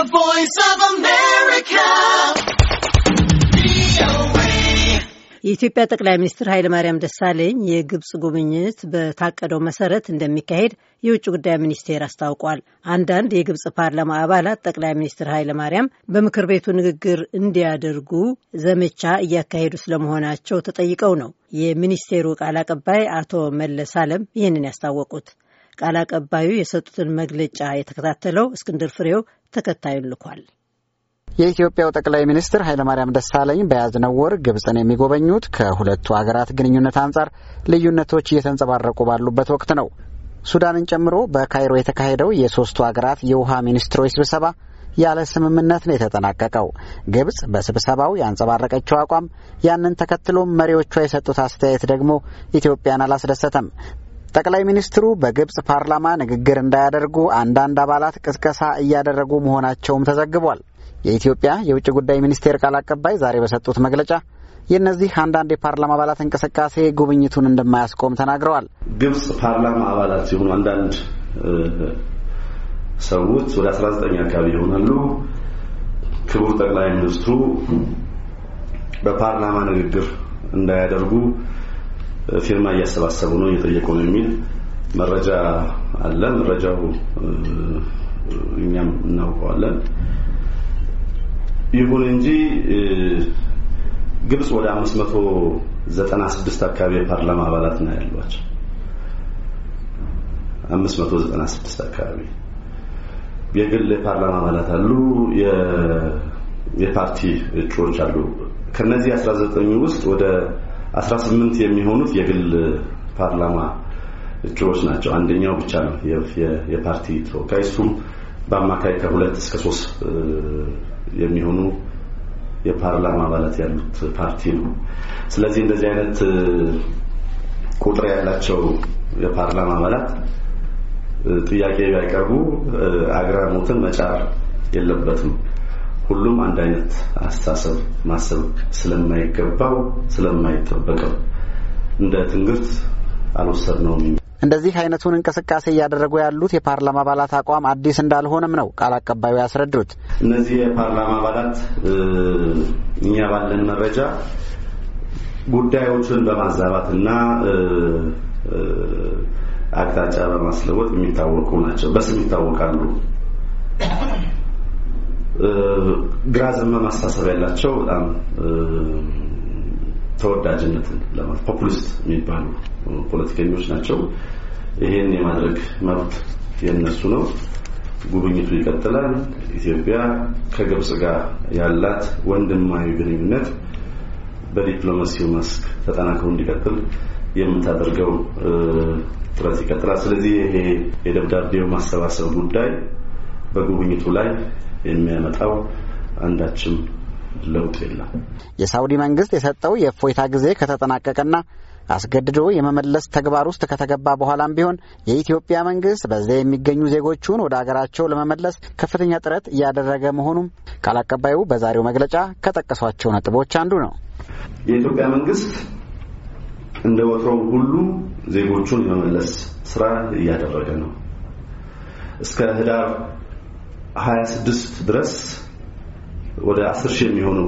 The Voice of America. የኢትዮጵያ ጠቅላይ ሚኒስትር ኃይለማርያም ደሳለኝ የግብፅ ጉብኝት በታቀደው መሰረት እንደሚካሄድ የውጭ ጉዳይ ሚኒስቴር አስታውቋል። አንዳንድ የግብፅ ፓርላማ አባላት ጠቅላይ ሚኒስትር ኃይለማርያም በምክር ቤቱ ንግግር እንዲያደርጉ ዘመቻ እያካሄዱ ስለመሆናቸው ተጠይቀው ነው የሚኒስቴሩ ቃል አቀባይ አቶ መለስ አለም ይህንን ያስታወቁት። ቃል አቀባዩ የሰጡትን መግለጫ የተከታተለው እስክንድር ፍሬው ተከታዩን ልኳል። የኢትዮጵያው ጠቅላይ ሚኒስትር ኃይለማርያም ደሳለኝ በያዝነው ወር ግብፅን የሚጎበኙት ከሁለቱ ሀገራት ግንኙነት አንጻር ልዩነቶች እየተንጸባረቁ ባሉበት ወቅት ነው። ሱዳንን ጨምሮ በካይሮ የተካሄደው የሶስቱ ሀገራት የውሃ ሚኒስትሮች ስብሰባ ያለ ስምምነት ነው የተጠናቀቀው። ግብጽ በስብሰባው ያንጸባረቀችው አቋም ያንን ተከትሎም መሪዎቿ የሰጡት አስተያየት ደግሞ ኢትዮጵያን አላስደሰተም። ጠቅላይ ሚኒስትሩ በግብጽ ፓርላማ ንግግር እንዳያደርጉ አንዳንድ አባላት ቅስቀሳ እያደረጉ መሆናቸውም ተዘግቧል። የኢትዮጵያ የውጭ ጉዳይ ሚኒስቴር ቃል አቀባይ ዛሬ በሰጡት መግለጫ የእነዚህ አንዳንድ የፓርላማ አባላት እንቅስቃሴ ጉብኝቱን እንደማያስቆም ተናግረዋል። ግብጽ ፓርላማ አባላት ሲሆኑ አንዳንድ ሰዎች ወደ 19 አካባቢ ይሆናሉ። ክቡር ጠቅላይ ሚኒስትሩ በፓርላማ ንግግር እንዳያደርጉ ፊርማ እያሰባሰቡ ነው እየጠየቁ ነው የሚል መረጃ አለ። መረጃው እኛም እናውቀዋለን። ይሁን እንጂ ግብጽ ወደ 596 አካባቢ የፓርላማ አባላት ነው ያሏቸው። 596 አካባቢ የግል የፓርላማ አባላት አሉ፣ የፓርቲ እጩዎች አሉ። ከነዚህ 19 ውስጥ ወደ 18 የሚሆኑት የግል ፓርላማ እጩዎች ናቸው። አንደኛው ብቻ ነው የፓርቲ ተወካይ። እሱም በአማካይ ከሁለት እስከ ሶስት የሚሆኑ የፓርላማ አባላት ያሉት ፓርቲ ነው። ስለዚህ እንደዚህ አይነት ቁጥር ያላቸው የፓርላማ አባላት ጥያቄ ቢያቀርቡ አግራሞትን መጫር የለበትም። ሁሉም አንድ አይነት አስተሳሰብ ማሰብ ስለማይገባው ስለማይጠበቅም እንደ ትንግርት አልወሰድነውም። እንደዚህ አይነቱን እንቅስቃሴ እያደረጉ ያሉት የፓርላማ አባላት አቋም አዲስ እንዳልሆነም ነው ቃል አቀባዩ ያስረዱት። እነዚህ የፓርላማ አባላት እኛ ባለን መረጃ ጉዳዮችን በማዛባት እና አቅጣጫ በማስለወጥ የሚታወቁ ናቸው። በስም ይታወቃሉ። ግራ ዘመም አስተሳሰብ ያላቸው በጣም ተወዳጅነትን ለማለት ፖፑሊስት የሚባሉ ፖለቲከኞች ናቸው። ይህን የማድረግ መብት የነሱ ነው። ጉብኝቱ ይቀጥላል። ኢትዮጵያ ከግብጽ ጋር ያላት ወንድማዊ ግንኙነት በዲፕሎማሲው መስክ ተጠናክሮ እንዲቀጥል የምታደርገው ጥረት ይቀጥላል። ስለዚህ ይሄ የደብዳቤው ማሰባሰብ ጉዳይ በጉብኝቱ ላይ የሚያመጣው አንዳችም ለውጥ የለም። የሳውዲ መንግስት የሰጠው የእፎይታ ጊዜ ከተጠናቀቀና አስገድዶ የመመለስ ተግባር ውስጥ ከተገባ በኋላም ቢሆን የኢትዮጵያ መንግስት በዚያ የሚገኙ ዜጎቹን ወደ አገራቸው ለመመለስ ከፍተኛ ጥረት እያደረገ መሆኑም ቃል አቀባዩ በዛሬው መግለጫ ከጠቀሷቸው ነጥቦች አንዱ ነው። የኢትዮጵያ መንግስት እንደ ወትሮው ሁሉ ዜጎቹን የመመለስ ስራ እያደረገ ነው። እስከ ህዳር 26 ድረስ ወደ 10 ሺህ የሚሆኑ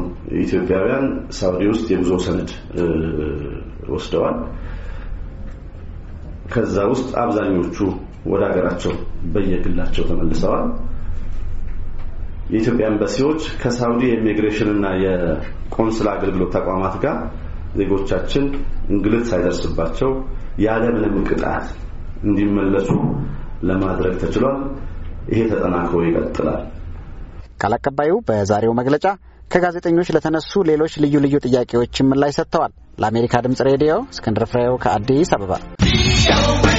ኢትዮጵያውያን ሳውዲ ውስጥ የጉዞ ሰነድ ወስደዋል። ከዛ ውስጥ አብዛኞቹ ወደ ሀገራቸው በየግላቸው ተመልሰዋል። የኢትዮጵያ ኤምባሲዎች ከሳውዲ የኢሚግሬሽን እና የቆንስላ አገልግሎት ተቋማት ጋር ዜጎቻችን እንግልት ሳይደርስባቸው ያለምንም ቅጣት እንዲመለሱ ለማድረግ ተችሏል። ይሄ ተጠናክሮ ይቀጥላል። ቃል አቀባዩ በዛሬው መግለጫ ከጋዜጠኞች ለተነሱ ሌሎች ልዩ ልዩ ጥያቄዎችም ምላሽ ሰጥተዋል። ለአሜሪካ ድምጽ ሬዲዮ እስክንድር ፍሬው ከአዲስ አበባ